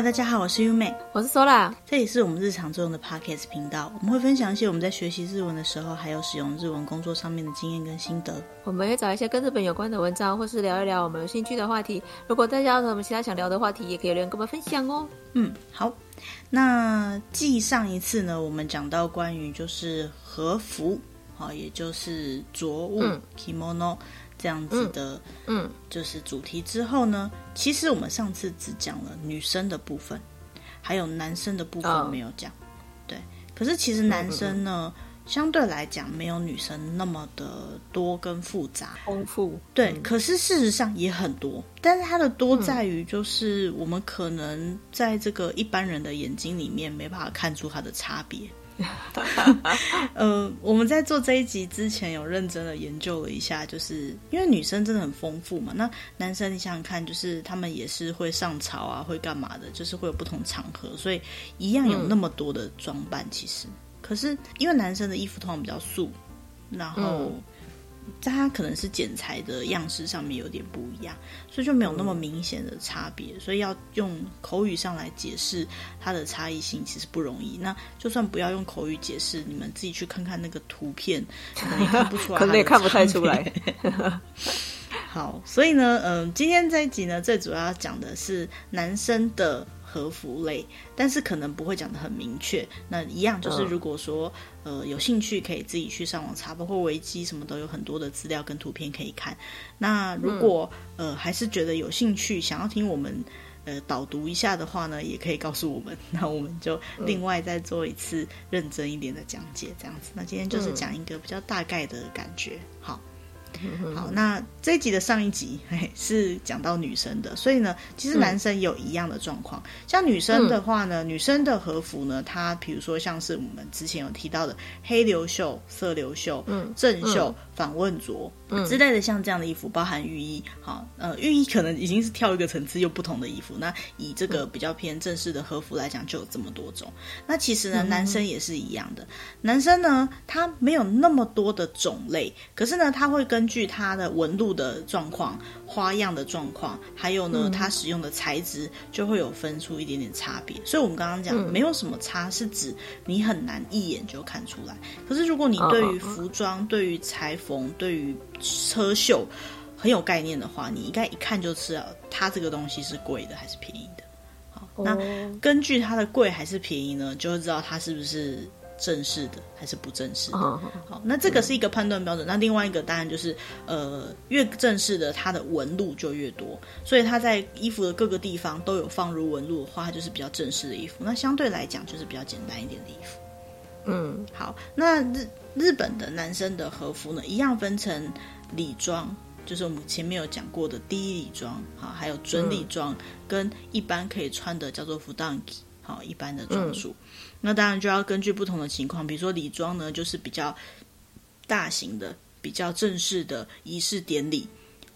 大家好，我是 Yume，我是 Sola，這裡是我們日常作用的 Podcast 頻道。我們會分享一些我們在學習日文的時候，還有使用日文工作上面的經驗跟心得。我們會找一些跟日本有關的文章，或是聊一聊我們有興趣的話題。如果大家有什麼其他想聊的話題，也可以留言跟我們分享哦。嗯，好。那繼上一次呢，我們講到關於就是和服啊、哦，也就是着物 （kimono）。嗯這樣子的，嗯，就是主題之後呢，其實我們上次只講了女生的部分，還有男生的部分沒有講，對。可是其實男生呢，相對來講沒有女生那麼的多跟複雜、豐富。對，可是事實上也很多，但是它的多在於就是我們可能在這個一般人的眼睛裡面沒辦法看出它的差別。 呃，我們在做這一集之前，有認真的研究了一下，就是因為女生真的很豐富嘛。那男生，你想想看，就是他們也是會上朝啊，會幹嘛的，就是會有不同場合，所以一樣有那麼多的裝扮。其實、嗯，可是因為男生的衣服通常比較素，然後、嗯。它可能是剪裁的樣式上面有點不一樣，所以就沒有那麼明顯的差別。嗯，所以要用口語上來解釋它的差異性其實不容易。那就算不要用口語解釋，你們自己去看看那個圖片，可能也看不出來，可能也看不太出來。 好，所以呢，嗯，今天這一集呢，最主要講的是男生的。和服類，但是可能不會講得很明確。那一樣就是，如果說、嗯、呃有興趣，可以自己去上網查，包括維基什麼都有很多的資料跟圖片可以看。那如果、嗯、呃還是覺得有興趣，想要聽我們呃導讀一下的話呢，也可以告訴我們， 那我們就另外再做一次認真一點的講解，這樣子。那今天就是講一個比較大概的感覺，好。 好，那這一集的上一集是講到女生的，所以呢，其實男生有一樣的狀況。像女生的話呢，女生的和服呢，它比如說像是我們之前有提到的黑留袖、色留袖、振袖、訪問着之類的，像這樣的衣服，包含浴衣。好，呃，浴衣可能已經是跳一個層次又不同的衣服。那以這個比較偏正式的和服來講，就有這麼多種。那其實呢，男生也是一樣的。男生呢，他沒有那麼多的種類，可是呢，他會跟根據它的紋路的狀況、花樣的狀況，還有呢，它使用的材質就會有分出一點點差別。所以，我們剛剛講沒有什麼差，是指你很難一眼就看出來。可是，如果你對於服裝、對於裁縫、對於車繡很有概念的話，你應該一看就知道它這個東西是貴的還是便宜的。好，那根據它的貴還是便宜呢，就會知道它是不是。正式的還是不正式的哦？好，那這個是一個判斷標準，嗯。那另外一個當然就是，呃，越正式的它的紋路就越多，所以它在衣服的各個地方都有放入紋路的話，它就是比較正式的衣服。那相對來講，就是比較簡單一點的衣服。嗯，好，那日日本的男生的和服呢，一樣分成禮裝，就是我們前面有講過的第一禮裝，哈，還有準禮裝，跟一般可以穿的叫做普段着好，一般的裝束、嗯，那當然就要根據不同的情況，比如說禮裝呢，就是比較大型的、比較正式的儀式典禮、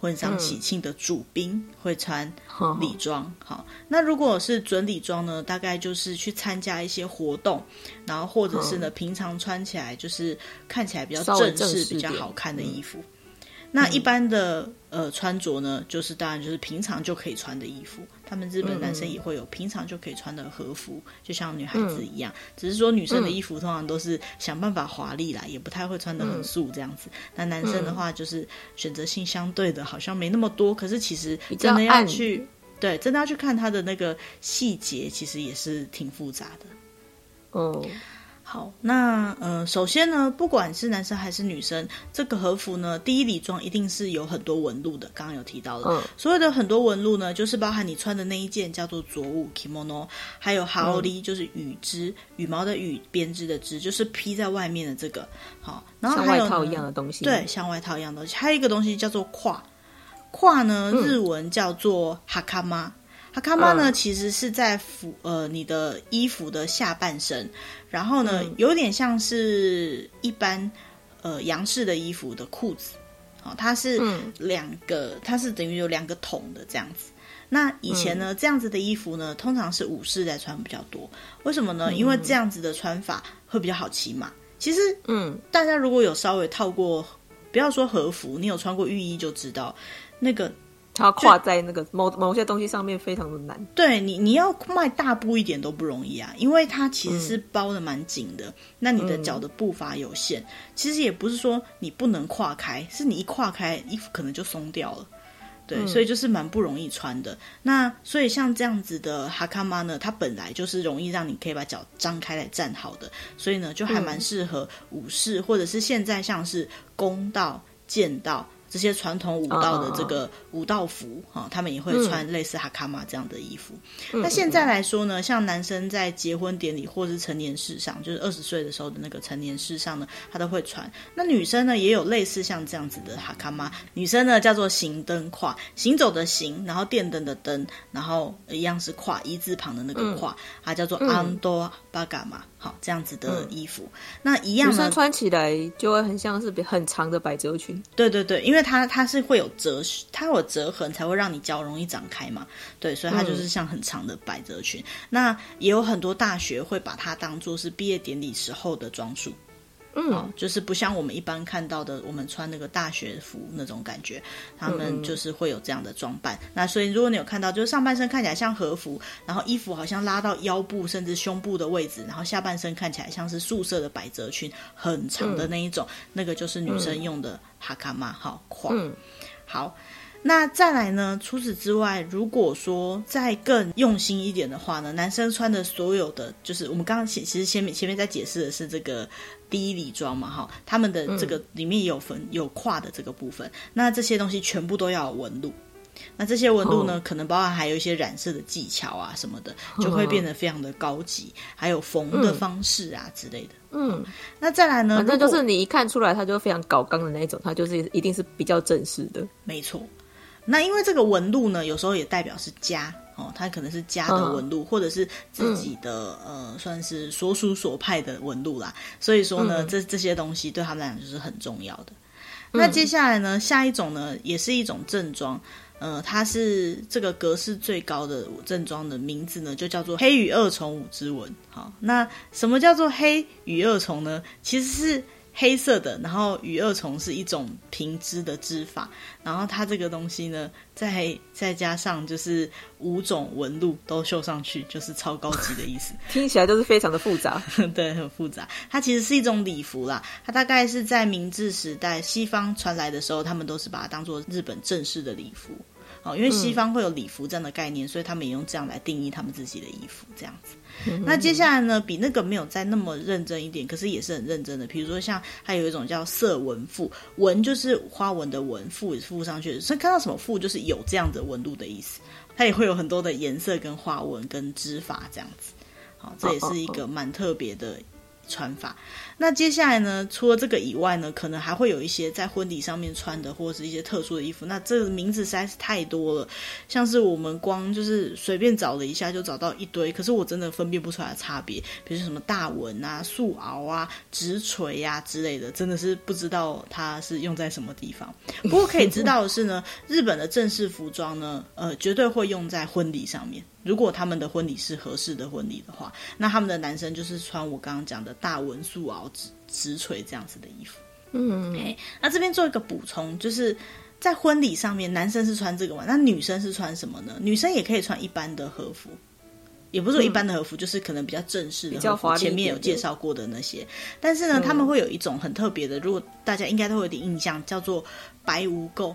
婚喪喜慶的主賓會穿禮裝、嗯。好，那如果是準禮裝呢，大概就是去參加一些活動，然後或者是呢，平常穿起來就是看起來比較正式、正式比較好看的衣服。嗯那一般的、嗯、呃穿着呢，就是當然就是平常就可以穿的衣服。他們日本男生也會有平常就可以穿的和服，嗯、就像女孩子一樣。只是說女生的衣服通常都是想辦法華麗啦，嗯、也不太會穿得很素這樣子。那男生的話，就是選擇性相對的好像沒那麼多。可是其實真的要去對，真的要去看他的那個細節，其實也是挺複雜的。哦。好，那呃，首先呢，不管是男生還是女生，這個和服呢，第一禮裝一定是有很多紋路的。剛剛有提到了，嗯、所有的很多紋路呢，就是包含你穿的那一件叫做着物 （kimono），還有 haori，就是羽織，羽毛的羽，編織的織，就是披在外面的這個。好，然後還有像外套一樣的東西，對，像外套一樣的東西，還有一個東西叫做胯，胯呢，日文叫做 hakama。哈卡瑪呢，其實是在服呃你的衣服的下半身，然後呢，嗯、有點像是一般呃洋式的衣服的褲子，哦，它是兩個，嗯、它是等於有兩個筒的這樣子。那以前呢、嗯，這樣子的衣服呢，通常是武士在穿比較多。為什麼呢？因為這樣子的穿法會比較好騎馬。其實，嗯，大家如果有稍微套過，不要說和服，你有穿過浴衣就知道那個。它跨在那個某某些東西上面非常的難。對你，你要邁大步一點都不容易啊，嗯、因為它其實是包得蠻緊的、嗯。那你的腳的步伐有限、嗯，其實也不是說你不能跨開，是你一跨開衣服可能就鬆掉了。對、嗯，所以就是蠻不容易穿的。那所以像這樣子的哈卡瑪呢，它本來就是容易讓你可以把腳張開來站好的，所以呢就還蠻適合武士、嗯、或者是現在像是弓道、劍道。這些傳統舞蹈的這個舞蹈服哈、啊，他們也會穿類似哈卡瑪這樣的衣服。那、嗯、現在來說呢，像男生在結婚典禮或是成年式上，就是二十歲的時候的那個成年式上呢，他都會穿。那女生呢，也有類似像這樣子的哈卡瑪，女生呢叫做行燈胯，行走的行，然後電燈的燈，然後一樣是胯衣字旁的那個胯，它、嗯、叫做安多巴嘎嘛，好這樣子的衣服、嗯。那一樣呢，女生穿起來就會很像是比很長的百褶裙。對對對，因為。它它是會有折，它有折痕才會讓你腳容易展開嘛，對，所以它就是像很長的百褶裙。嗯。那也有很多大學會把它當做是畢業典禮時候的裝束。啊、嗯哦，就是不像我們一般看到的，我們穿那個大學服那種感覺，他們就是會有這樣的裝扮。嗯、那所以如果你有看到，就是上半身看起來像和服，然後衣服好像拉到腰部甚至胸部的位置，然後下半身看起來像是素色的百褶裙，很長的那一種，嗯、那個就是女生用的哈卡瑪哈胯。好。那再來呢？除此之外，如果說再更用心一點的話呢，男生穿的所有的，就是我們剛剛其實前面前面在解釋的是這個第一禮裝嘛，哈，他們的這個裡面有縫、嗯、有胯的這個部分。那這些東西全部都要有紋路。那這些紋路呢、哦，可能包含還有一些染色的技巧啊什麼的，就會變得非常的高級，嗯、還有縫的方式啊之類的。嗯，那再來呢？反正就是你一看出來，他就非常搞剛的那一種，他就是一定是比較正式的。沒錯。那因為這個紋路呢，有時候也代表是家哦，它可能是家的紋路，嗯、或者是自己的、嗯、呃，算是所屬所派的紋路啦。所以說呢，嗯、這這些東西對他們來講就是很重要的、嗯。那接下來呢，下一種呢，也是一種正裝，呃，它是這個格式最高的正裝的名字呢，就叫做“黑與二重五之紋”哦。好，那什麼叫做“黑與二重”呢？其實是。黑色的，然後羽二重是一種平織的織法，然後它這個東西呢，再再加上就是五種紋路都繡上去，就是超高級的意思。 聽起來都是非常的複雜， 對，很複雜。它其實是一種禮服啦，它大概是在明治時代西方傳來的時候，他們都是把它當做日本正式的禮服。哦，因為西方會有禮服這樣的概念，嗯、所以他們也用這樣來定義他們自己的衣服，這樣子。 那接下來呢，比那個沒有再那麼認真一點，可是也是很認真的。比如說像，它有一種叫色紋付，紋就是花紋的紋，是附,附上去，所以看到什麼付就是有這樣的紋路的意思。它也會有很多的顏色跟花紋跟織法這樣子，好，這也是一個蠻特別的穿法。那接下來呢，除了這個以外呢，可能還會有一些在婚禮上面穿的，或者是一些特殊的衣服。那這個名字實在是太多了，像是我們光就是隨便找了一下，就找到一堆。可是我真的分辨不出來的差別，比如什麼大紋啊、素襖啊、直垂啊之類的，真的是不知道它是用在什麼地方。不 過可以知道的是呢，日本的正式服裝呢，呃，絕對會用在婚禮上面。如果他們的婚禮是合適的婚禮的話，那他們的男生就是穿我剛剛講的大紋素襖直垂這樣子的衣服，嗯，那這邊做一個補充，就是在婚禮上面，男生是穿這個嘛，那女生是穿什麼呢？女生也可以穿一般的和服，也不是說一般的和服，嗯，就是可能比較正式的和服，前面有介紹過的那些，嗯，但是呢，他們會有一種很特別的，如果大家應該都會有一點印象，叫做白無垢，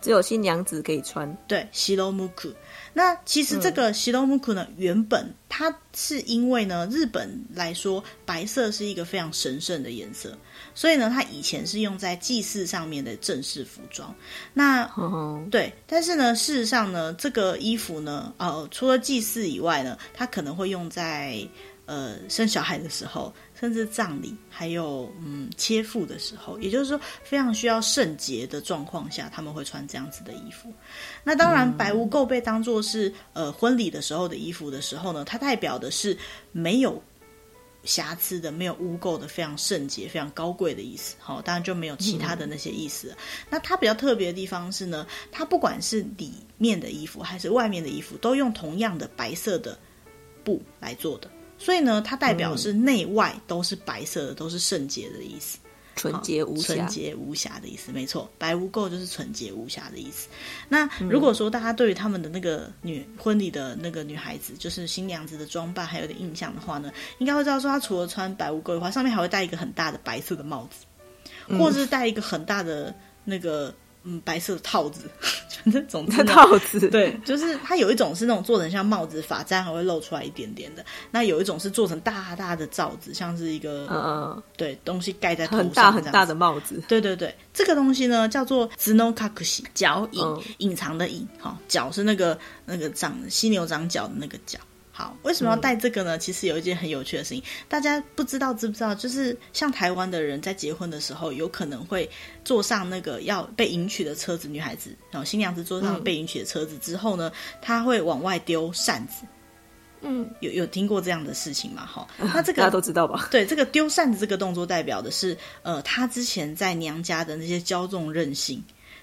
只有新娘子可以穿，對，shiro muku。那其實這個白無垢呢、嗯，原本它是因為呢，日本來說白色是一個非常神聖的顏色，所以呢，它以前是用在祭祀上面的正式服裝。那、嗯、對，但是呢，事實上呢，這個衣服呢，呃，除了祭祀以外呢，它可能會用在呃生小孩的時候。甚至葬禮，還有嗯切腹的時候，也就是說非常需要聖潔的狀況下，他們會穿這樣子的衣服。那當然，白無垢被當作是呃婚禮的時候的衣服的時候呢，它代表的是沒有瑕疵的、沒有污垢的、非常聖潔、非常高貴的意思。好、哦，當然就沒有其他的那些意思了、嗯。那它比較特別的地方是呢，它不管是裡面的衣服還是外面的衣服，都用同樣的白色的布來做的。所以呢，它代表是內外都是白色的，嗯、都是聖潔的意思，純潔無暇純潔無暇的意思，沒錯，白無垢就是純潔無暇的意思。那如果說大家對於他們的那個女婚禮的那個女孩子，就是新娘子的裝扮，還有點印象的話呢，應該會知道說，她除了穿白無垢的話，上面還會戴一個很大的白色的帽子，或者是戴一個很大的那個。嗯，白色的套子，就是總套子。對，就是它有一種是那種做成像帽子，髮簪還會露出來一點點的。那有一種是做成大大的罩子，像是一個嗯，對，東西蓋在頭上這樣子，很大很大的帽子。對對對，這個東西呢叫做 tsunokakushi，角隱，嗯、隱藏的隱哈，角、哦、是那個那個長犀牛長角的那個角。好，為什麼要帶這個呢、嗯？其實有一件很有趣的事情，大家不知道知不知道？就是像台灣的人在結婚的時候，有可能會坐上那個要被迎娶的車子，女孩子，然後新娘子坐上被迎娶的車子之後呢，嗯、她會往外丟扇子。嗯，有有聽過這樣的事情嗎？哈、嗯，那這個大家都知道吧？對，這個丟扇子這個動作代表的是，呃，她之前在娘家的那些驕縱任性。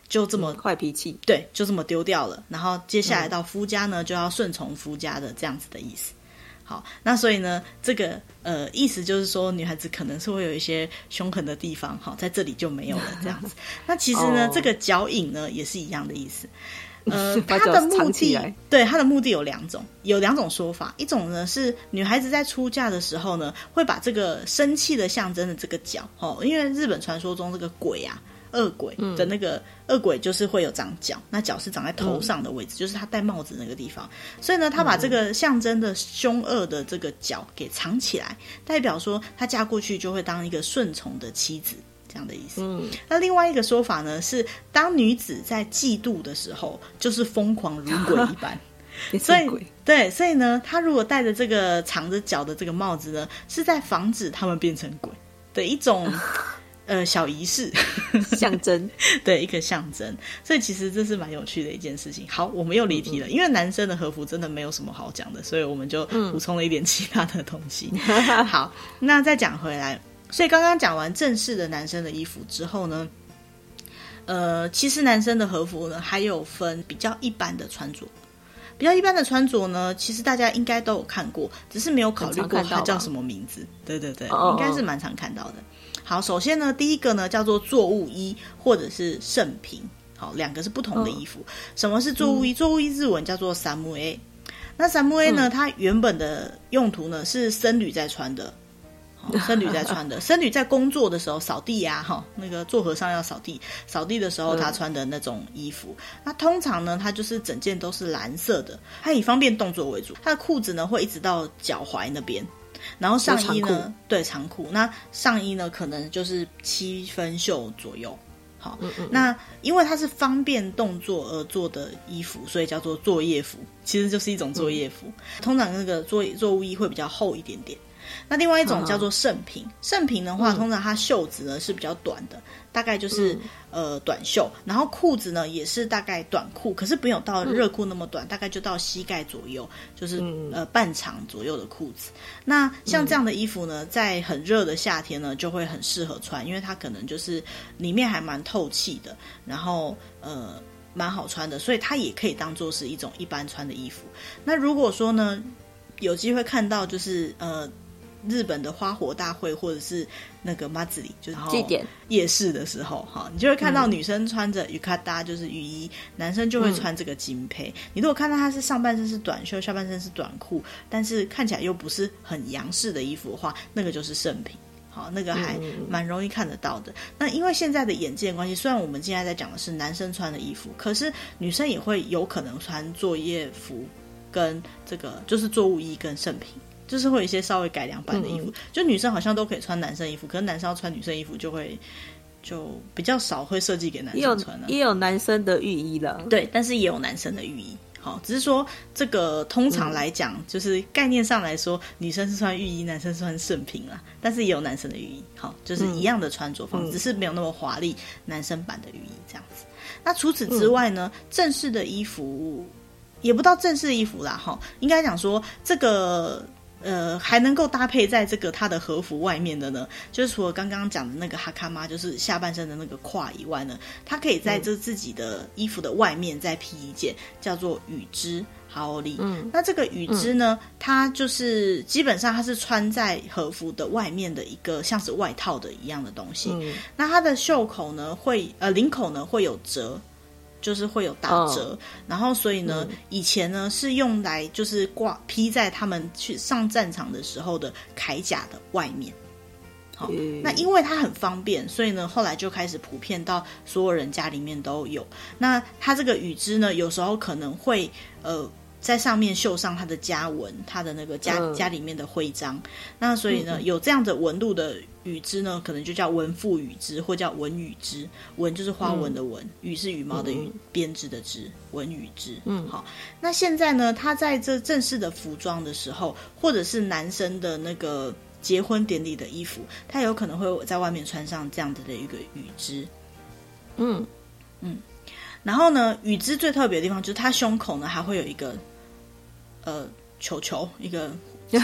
就這麼壞、嗯、脾氣，對，就這麼丟掉了。然後接下來到夫家呢，嗯、就要順從夫家的這樣子的意思。好，那所以呢，這個呃意思就是說，女孩子可能是會有一些兇狠的地方，好、哦，在這裡就沒有了這樣子。 那其實呢、哦，這個腳影呢也是一樣的意思。呃，他 的目的，對他的目的有兩種，有兩種說法。一種呢是女孩子在出嫁的時候呢，會把這個生氣的象徵的這個腳，哦，因為日本傳說中這個鬼啊。惡鬼的那個、嗯、惡鬼就是會有長角，那角是長在頭上的位置、嗯，就是他戴帽子那個地方。所以呢，他把這個象徵的凶惡的這個角給藏起來、嗯，代表說他嫁過去就會當一個順從的妻子這樣的意思。嗯，那另外一個說法呢是，當女子在嫉妒的時候，就是瘋狂如鬼一般， 所以對，所以呢，他如果戴着這個藏着角的這個帽子呢，是在防止他們變成鬼的一種。 呃，小儀式 象徵，對一個象徵，所以其實這是蠻有趣的一件事情。好，我們又離題了，嗯嗯，因為男生的和服真的沒有什麼好講的，所以我們就補充了一點其他的東西。嗯、 好，那再講回來，所以剛剛講完正式的男生的衣服之後呢，呃，其實男生的和服呢還有分比較一般的穿着，比較一般的穿着呢，其實大家應該都有看過，只是沒有考慮過它叫什麼名字。對對對，oh, 應該是蠻常看到的。好，首先呢，第一個呢叫做作，作物衣，或者是聖品，好，兩個是不同的衣服。嗯、什麼是作物衣？嗯、作物衣日文叫做 Samue，那 Samue 呢、嗯，它原本的用途呢是僧侶在穿的，僧侶在穿的， 僧侶在工作的時候掃地呀、啊，哈，那個做和尚要掃地，掃地的時候他穿的那種衣服、嗯。那通常呢，它就是整件都是藍色的，它以方便動作為主，他的褲子呢會一直到腳踝那邊。然後上衣呢？對，長褲。那上衣呢？可能就是七分袖左右。好、嗯嗯，那因為它是方便動作而做的衣服，所以叫做作業服，其實就是一種作業服。嗯、通常那個作業、作務衣會比較厚一點點。那另外一種叫做甚平，甚平的話，通常它袖子呢是比較短的，大概就是、嗯、呃短袖，然後褲子呢也是大概短褲，可是沒有到熱褲那麼短、嗯，大概就到膝蓋左右，就是、嗯、呃半長左右的褲子。那像這樣的衣服呢，在很熱的夏天呢，就會很適合穿，因為它可能就是裡面還蠻透氣的，然後呃蠻好穿的，所以它也可以當做是一種一般穿的衣服。那如果說呢，有機會看到就是呃。日本的花火大會，或者是那個馬子里，就是祭典夜市的時候，哈，你就會看到女生穿着 Yukata、嗯、就是浴衣，男生就會穿這個甚平、嗯。你如果看到他是上半身是短袖，下半身是短褲，但是看起來又不是很洋式的衣服的話，那個就是甚平，好，那個還蠻容易看得到的。嗯、那因為現在的眼界的關係，雖然我們現在在講的是男生穿的衣服，可是女生也會有可能穿作業服跟這個，就是作務衣跟甚平。就是會有一些稍微改良版的衣服、嗯，就女生好像都可以穿男生衣服，可是男生要穿女生衣服就會就比較少會設計給男生穿了。也有，也有男生的浴衣了，對，但是也有男生的浴衣。好，只是說這個通常來講、嗯，就是概念上來說，女生是穿浴衣，男生是穿甚平啦。但是也有男生的浴衣，好，就是一樣的穿着方式、嗯，只是沒有那麼華麗，男生版的浴衣這樣子。那除此之外呢，嗯、正式的衣服也不到正式的衣服啦，哈，應該講說這個。呃，還能夠搭配在這個他的和服外面的，呢，就是除了剛剛講的那個哈卡媽，就是下半身的那個胯，以外呢，它可以在這自己的衣服的外面再披一件、嗯、叫做羽織 Haori、嗯。那這個羽織呢、嗯，它就是基本上它是穿在和服的外面的一個像是外套的一樣的東西。嗯、那它的袖口呢會，呃，領口呢會有折。就是會有打折，oh. 然後所以呢，mm. 以前呢是用來就是掛披在他們去上戰場的時候的鎧甲的外面，好，mm. 那因為它很方便，所以呢後來就開始普遍到所有人家裡面都有。那它這個羽織呢，有時候可能會呃。在上面繡上他的家紋，他的那個家、嗯、家裡面的徽章。那所以呢，有這樣的紋路的羽織呢，可能就叫紋付羽織，或叫紋羽織。紋就是花紋的紋，羽、嗯、是羽毛的羽，編織的織。紋羽織，嗯，好。那現在呢，他在這正式的服裝的時候，或者是男生的那個結婚典禮的衣服，他有可能會在外面穿上這樣子的一個羽織。嗯嗯。然後呢，羽織最特別的地方就是他胸口呢還會有一個。呃，球球一個，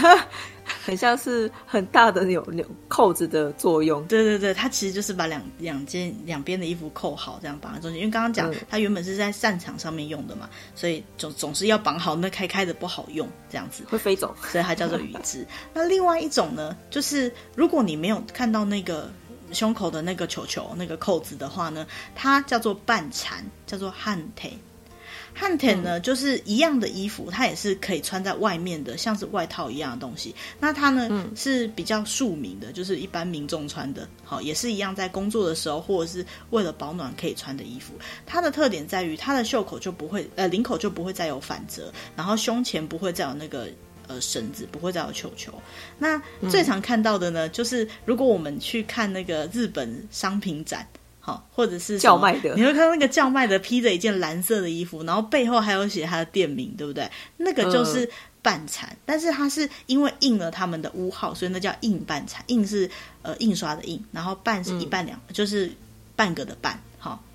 很像是很大的紐紐扣子的作用。 對對對，它其實就是把兩兩件兩邊的衣服扣好，這樣綁在中間。因為剛剛講、嗯、它原本是在戰場上面用的嘛，所以總總是要綁好，那開開的不好用這樣子會飛走。所以它叫做羽織。 那另外一種呢，就是如果你沒有看到那個胸口的那個球球那個扣子的話呢，它叫做半纏，叫做漢腿。半纏呢、嗯，就是一樣的衣服，它也是可以穿在外面的，像是外套一樣的東西。那它呢、嗯、是比較庶民的，就是一般民眾穿的，好也是一樣，在工作的時候或者是為了保暖可以穿的衣服。它的特點在於，它的袖口就不會，呃，領口就不會再有反折，然後胸前不會再有那個呃繩子，不會再有球球。那最常看到的呢，就是如果我們去看那個日本商品展。好，或者是叫賣的，你會看到那個叫賣的披着一件藍色的衣服，然後背後還有寫他的店名，對不對？那個就是半纏、嗯，但是他是因為印了他們的屋號，所以那叫印半纏。印是呃印刷的印，然後半是一半兩、嗯，就是半個的半。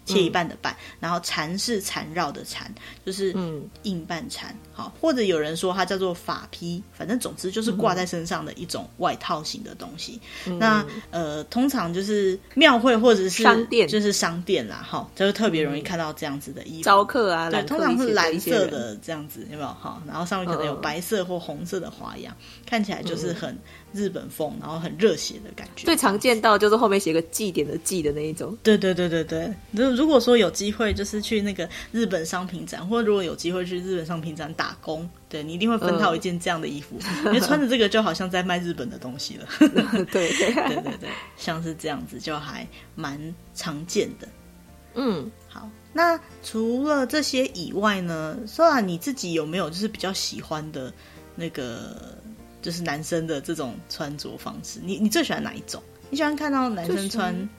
切一半的半、嗯，然後纏是纏繞的纏，就是硬半纏、嗯，好，或者有人說它叫做法披，反正總之就是掛在身上的一種外套型的東西。嗯、那呃，通常就是廟會或者是商店，就是商店啦，哈，就是、特別容易看到這樣子的衣服，招、嗯、客啊，對，通常是藍色的這樣子，有沒有？好，然後上面可能有白色或紅色的花樣，嗯、看起來就是很。嗯日本風，然後很熱血的感覺。最常見到就是後面寫個“祭”典的“祭”的那一種。對對對對對。如果說有機會，就是去那個日本商品展，或如果有機會去日本商品展打工，對，你一定會分套一件這樣的衣服，嗯、 因為穿着這個就好像在賣日本的東西了。對 對對對，像是這樣子就還蠻常見的。嗯，好。那除了這些以外呢？說啊，你自己有沒有就是比較喜歡的那個？就是男生的這種穿着方式，你你最喜歡哪一種？你喜歡看到男生穿？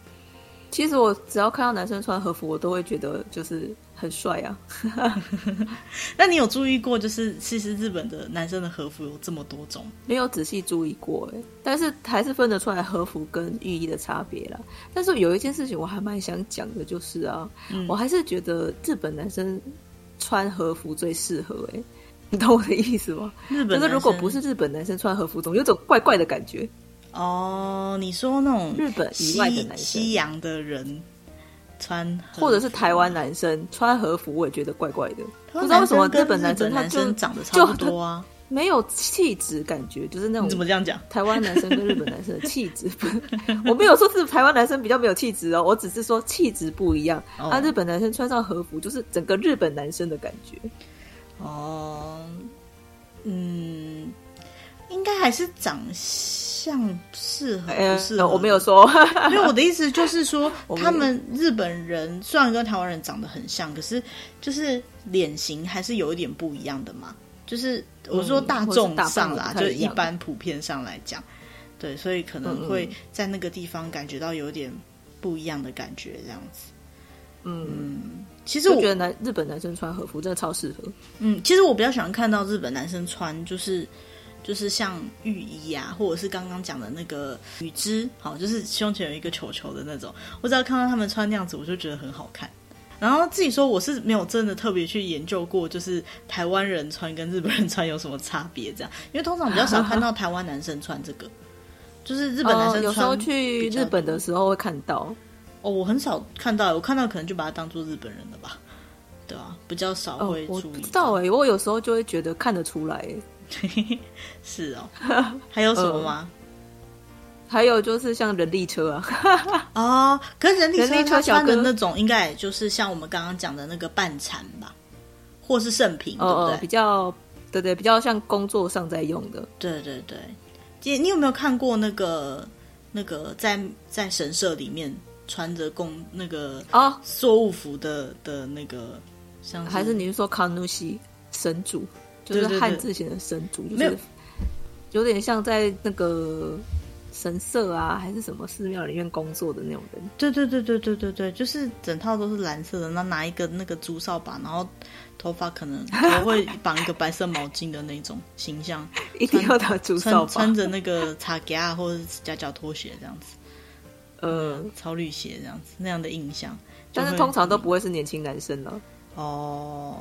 其實我只要看到男生穿和服，我都會覺得就是很帥啊。 那你有注意過，就是其實日本的男生的和服有這麼多種？沒有仔細注意過哎、欸，但是還是分得出來和服跟浴衣的差別啦。但是有一件事情我還蠻想講的，就是啊、嗯，我還是覺得日本男生穿和服最適合哎、欸。你懂我的意思嗎？日本，但、就是如果不是日本男生穿和服，總有種怪怪的感覺。哦、oh，你說那種日本以外的男生、西洋的人穿和服，或者是台灣男生穿和服，我也覺得怪怪的。不知道為什麼日本男生他就男生男生長得差不多、啊，沒有氣質，感覺就是那種。怎麼這樣講？台灣男生跟日本男生的氣質， 我沒有說是台灣男生比較沒有氣質哦，我只是說氣質不一樣。Oh. 啊，日本男生穿上和服就是整個日本男生的感覺。哦、oh，嗯，應該還是長相適合、欸、不適合、哦？我沒有說， 因為我的意思就是說，說他們日本人雖然跟台灣人長得很像，可是就是臉型還是有一點不一樣的嘛。就是、嗯、我是說大眾上啦是，就一般普遍上來講，對，所以可能會在那個地方感覺到有點不一樣的感覺，這樣子，嗯。嗯嗯其實我覺得男日本男生穿和服真的超適合。嗯，其實我比較喜歡看到日本男生穿，就是就是像浴衣啊，或者是剛剛講的那個羽織，好、哦，就是胸前有一個球球的那種。我只要看到他們穿那樣子，我就覺得很好看。然後自己說我是沒有真的特別去研究過，就是台灣人穿跟日本人穿有什麼差別這樣，因為通常比較少看到台灣男生穿這個，啊、就是日本男生穿、哦、有時候去日本的時候會看到。哦，我很少看到，我看到可能就把它當做日本人了吧。對啊，比較少會注意到、哦。我不知道哎，我有時候就會覺得看得出來， 是哦。 還有什麼嗎、呃？還有就是像人力車啊， 哦，可是人力人力車小哥他的那種，應該也就是像我們剛剛講的那個半纏吧，或是甚平、哦，對不對？哦、比較對對，比較像工作上在用的。對對對，姐，你有沒有看過那個那個在在神社裡面？穿着工那個啊，掃、oh. 務服,服的的那個，像是，還是你是說卡努西神主，就是對對對漢字寫的神主，就是沒有,有點像在那個神社啊，還是什麼寺廟裡面工作的那種人。對對對對對對對，就是整套都是藍色的，那拿一個那個竹掃把，然後頭髮可,可能會綁一個白色毛巾的那種形象， 一定要打竹掃。穿着那個茶夾啊，或者是夾腳拖鞋這樣子。呃、嗯，草履鞋這樣子，那樣的印象就，但是通常都不會是年輕男生呢、啊。哦，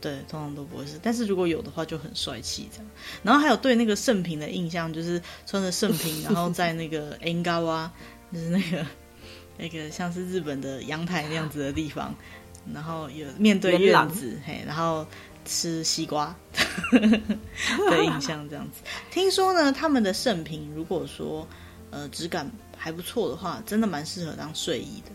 對，通常都不會是，但是如果有的話就很帥氣這樣。然後還有對那個甚平的印象，就是穿着甚平， 然後在那個 engawa 就是那個那個像是日本的陽台那樣子的地方，然後有面對院子，嘿， 然後吃西瓜的 印象這樣子。聽說呢，他們的甚平如果說呃質感。還不錯的話，真的蠻適合當睡衣的，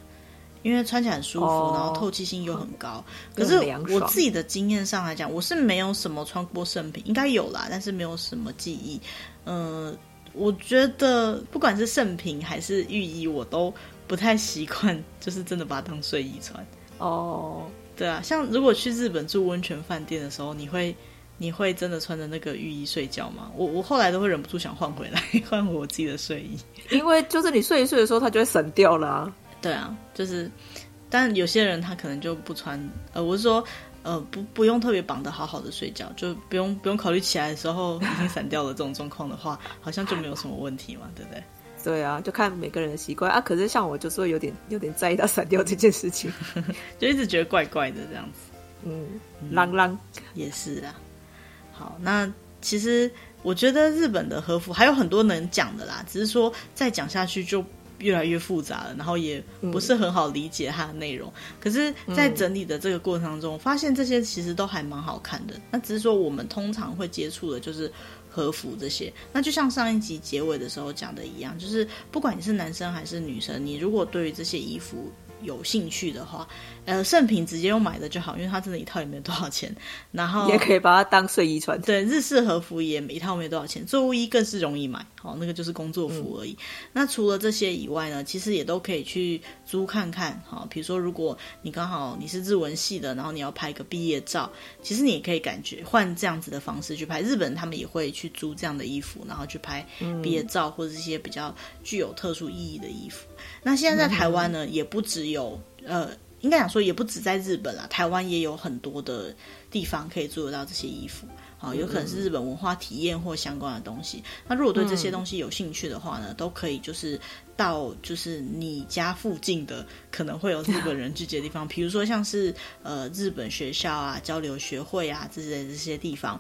因為穿起來很舒服，哦、然後透氣性又很高，嗯。可是我自己的經驗上來講，我是沒有什麼穿過聖品，應該有啦，但是沒有什麼記憶。嗯、呃，我覺得不管是聖品還是浴衣，我都不太習慣，就是真的把它當睡衣穿。哦，對啊，像如果去日本住溫泉飯店的時候，你會，你會真的穿着那個浴衣睡覺嗎？我我後來都會忍不住想換回來，換回我自己的睡衣，因為就是你睡一睡的時候，它就會散掉了啊。對啊，就是，但有些人他可能就不穿，呃，我是說，呃，不不用特別綁得好好的睡覺，就不用不用考慮起來的時候已經散掉了這種狀況的話， 好像就沒有什麼問題嘛，對不對？對啊，就看每個人的習慣啊。可是像我就是有點有點在意到散掉這件事情， 就一直覺得怪怪的這樣子。嗯，浪、嗯、浪也是啊。好，那其實我覺得日本的和服還有很多能講的啦，只是說再講下去就越來越複雜了，然後也不是很好理解它的內容。嗯，可是，在整理的這個過程當中，發現這些其實都還蠻好看的。那只是說我們通常會接觸的就是和服這些。那就像上一集結尾的時候講的一樣，就是不管你是男生還是女生，你如果對於這些衣服有興趣的話。呃，聖品直接用買的就好，因為它真的，一套也沒有多少錢。然後也可以把它當睡衣穿。對，日式和服也一套沒有多少錢，作務衣更是容易買。好，那個就是工作服而已、嗯。那除了這些以外呢，其實也都可以去租看看。好，比如說，如果你剛好你是日文系的，然後你要拍個畢業照，其實你也可以感覺換這樣子的方式去拍。日本人他們也會去租這樣的衣服，然後去拍畢業照、嗯、或者是一些比較具有特殊意義的衣服。那現在在台灣呢、嗯，也不只有呃。應該想說也不止在日本啦，台灣也有很多的地方可以做得到這些衣服啊、嗯嗯哦，有可能是日本文化體驗或相關的東西。那如果對這些東西有興趣的話呢，嗯、都可以就是到就是你家附近的可能會有日本人聚集的地方，嗯、比如說像是呃日本學校啊、交流學會啊之類這些地方，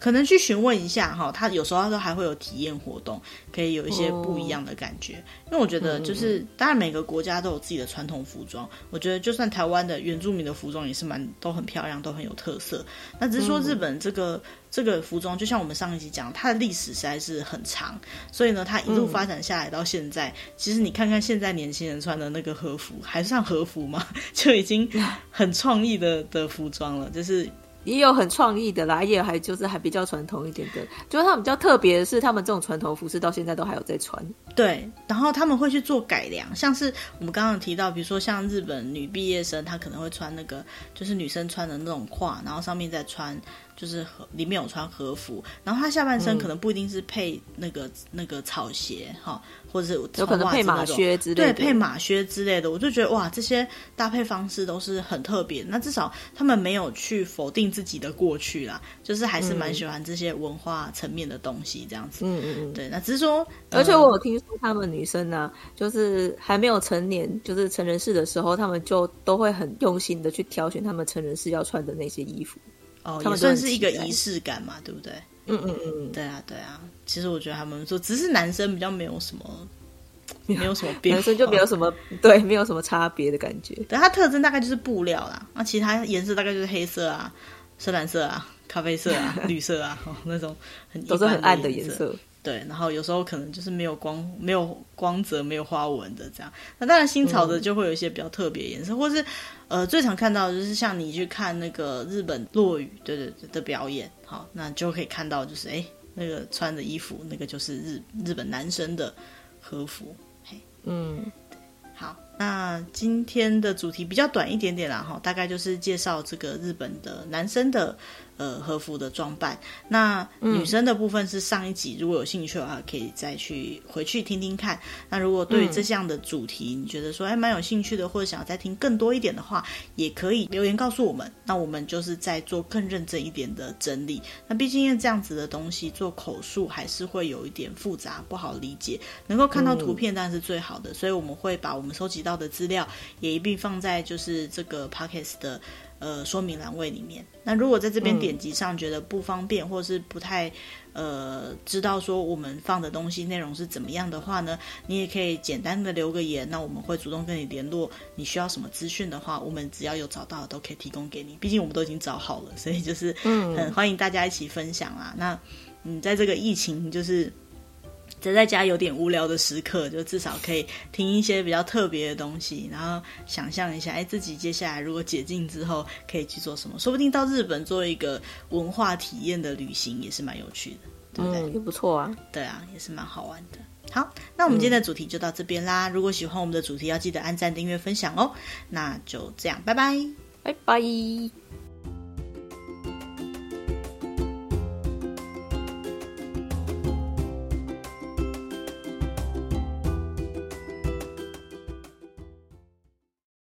可能去詢問一下哈，他有時候他都還會有體驗活動，可以有一些不一樣的感覺。Oh. 因為我覺得，就是當然每個國家都有自己的傳統服裝，我覺得就算台灣的原住民的服裝也是蠻都很漂亮，都很有特色。那只是說日本這個、嗯、這個服裝，就像我們上一集講，它的歷史實在是很長，所以呢，它一路發展下來到現在，嗯、其實你看看現在年輕人穿的那個和服，還算和服嗎？ 就已經很創意的 的服裝了，就是。也有很創意的啦，也有還就是還比較傳統一點的，就是他們比較特別的是，他們這種傳統服飾到現在都還有在穿。對，然後他們會去做改良，像是我們剛剛提到，比如說像日本女畢業生，她可能會穿那個就是女生穿的那種袴，然後上面再穿。就是和裡面有穿和服，然後他下半身可能不一定是配那個、嗯、那個草鞋哈，或者是草有可能配馬靴之類的。對，配馬靴之類的，我就覺得哇，這些搭配方式都是很特別。那至少他們沒有去否定自己的過去啦，就是還是蠻喜歡這些文化層面的東西這樣子。嗯嗯嗯。對，那只是說，而且我有聽說他們女生呢、啊嗯，就是還沒有成年，就是成人式的時候，他們就都會很用心的去挑選他們成人式要穿的那些衣服。哦，也算是一個儀式感嘛，對不對？嗯嗯嗯，嗯，對啊對啊，其實我覺得他們說，只是男生比較沒有什麼，沒有，沒有什麼變化，男生就沒有什麼，對，沒有什麼差別的感覺。對，它特徵大概就是布料啦，那、啊、其他顏色大概就是黑色啊、深藍色啊、咖啡色啊、 綠色啊，哦，那種很都是很暗的顏色。對，然後有時候可能就是沒有光、沒有光澤、沒有花紋的這樣。那當然新潮的就會有一些比較特別顏色，嗯、或是呃最常看到的就是像你去看那個日本落語，對對、對對的表演，好，那就可以看到就是哎那個穿的衣服，那個就是日日本男生的和服，嘿嗯對，好。那今天的主題比較短一點點啦，哈，大概就是介紹這個日本的男生的呃和服的裝扮。那女生的部分是上一集，如果有興趣的話，可以再去回去聽聽看。那如果對於這項的主題你覺得說還蠻有興趣的，或者想要再聽更多一點的話，也可以留言告訴我們。那我們就是再做更認真一點的整理。那畢竟這樣子的東西做口述還是會有一點複雜，不好理解。能夠看到圖片當然是最好的，嗯、所以我們會把我們收集到。到的資料也一併放在就是這個 podcast 的呃說明欄位裡面。那如果在這邊點擊上覺得不方便，或是不太呃知道說我們放的東西內容是怎麼樣的話呢，你也可以簡單的留個言。那我們會主動跟你聯絡，你需要什麼資訊的話，我們只要有找到的都可以提供給你。畢竟我們都已經找好了，所以就是嗯，很歡迎大家一起分享啊。那嗯，在這個疫情就是。宅在家有點無聊的時刻，就至少可以聽一些比較特別的東西，然後想象一下，哎，自己接下來如果解禁之後可以去做什麼，說不定到日本做一個文化體驗的旅行也是蠻有趣的，對不對？嗯，也不錯啊，對啊，也是蠻好玩的。好，那我們今天的主題就到這邊啦。嗯。如果喜歡我們的主題，要記得按讚、訂閱、分享哦，喔。那就這樣，拜拜，拜拜。